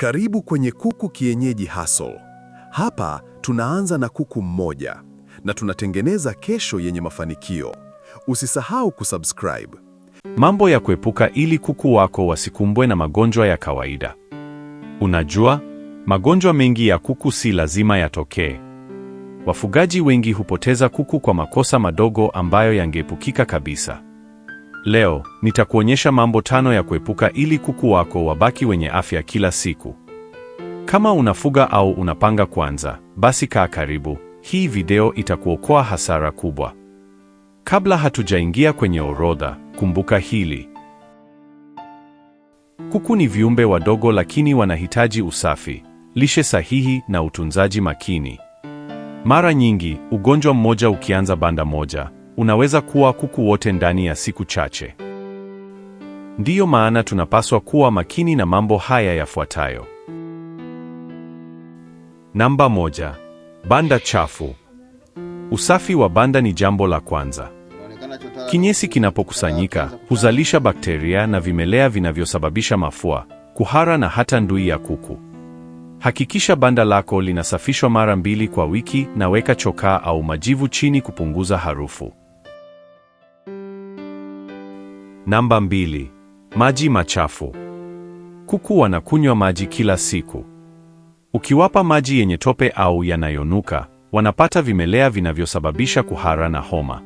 Karibu kwenye Kuku Kienyeji Hustle. Hapa tunaanza na kuku mmoja na tunatengeneza kesho yenye mafanikio. Usisahau kusubscribe. Mambo ya kuepuka ili kuku wako wasikumbwe na magonjwa ya kawaida. Unajua, magonjwa mengi ya kuku si lazima yatokee. Wafugaji wengi hupoteza kuku kwa makosa madogo ambayo yangeepukika kabisa. Leo nitakuonyesha mambo tano ya kuepuka ili kuku wako wabaki wenye afya kila siku. Kama unafuga au unapanga kwanza basi kaa karibu, hii video itakuokoa hasara kubwa. Kabla hatujaingia kwenye orodha, kumbuka hili: kuku ni viumbe wadogo, lakini wanahitaji usafi, lishe sahihi na utunzaji makini. Mara nyingi ugonjwa mmoja ukianza banda moja unaweza kuwa kuku wote ndani ya siku chache. Ndiyo maana tunapaswa kuwa makini na mambo haya yafuatayo. Namba moja, banda chafu. Usafi wa banda ni jambo la kwanza. Kinyesi kinapokusanyika huzalisha bakteria na vimelea vinavyosababisha mafua, kuhara na hata ndui ya kuku. Hakikisha banda lako linasafishwa mara mbili kwa wiki na weka chokaa au majivu chini kupunguza harufu. Namba mbili, maji machafu. Kuku wanakunywa maji kila siku. Ukiwapa maji yenye tope au yanayonuka, wanapata vimelea vinavyosababisha kuhara na homa.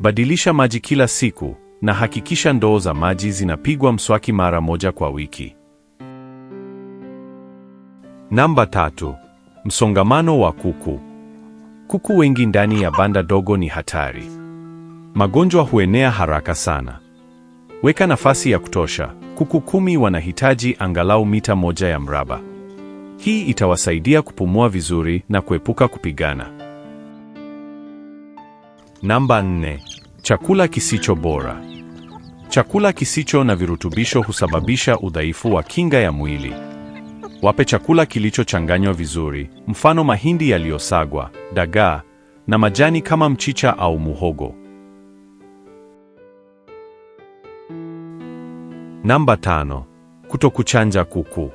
Badilisha maji kila siku na hakikisha ndoo za maji zinapigwa mswaki mara moja kwa wiki. Namba tatu, msongamano wa kuku. Kuku wengi ndani ya banda dogo ni hatari. Magonjwa huenea haraka sana. Weka nafasi ya kutosha. Kuku kumi wanahitaji angalau mita moja ya mraba. Hii itawasaidia kupumua vizuri na kuepuka kupigana. Namba nne: chakula kisicho bora. Chakula kisicho na virutubisho husababisha udhaifu wa kinga ya mwili. Wape chakula kilichochanganywa vizuri, mfano mahindi yaliyosagwa, dagaa na majani kama mchicha au muhogo. Namba tano: kutokuchanja kuku.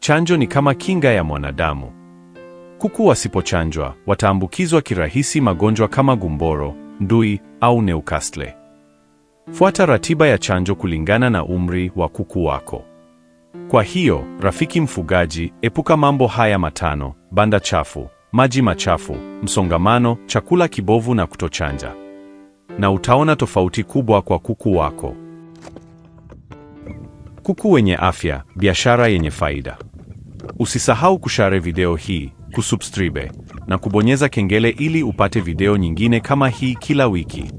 Chanjo ni kama kinga ya mwanadamu. Kuku wasipochanjwa wataambukizwa kirahisi magonjwa kama gumboro, ndui au Newcastle. Fuata ratiba ya chanjo kulingana na umri wa kuku wako. Kwa hiyo, rafiki mfugaji, epuka mambo haya matano: banda chafu, maji machafu, msongamano, chakula kibovu na kutochanja. Na utaona tofauti kubwa kwa kuku wako. Kuku wenye afya, biashara yenye faida. Usisahau kushare video hii, kusubscribe na kubonyeza kengele ili upate video nyingine kama hii kila wiki.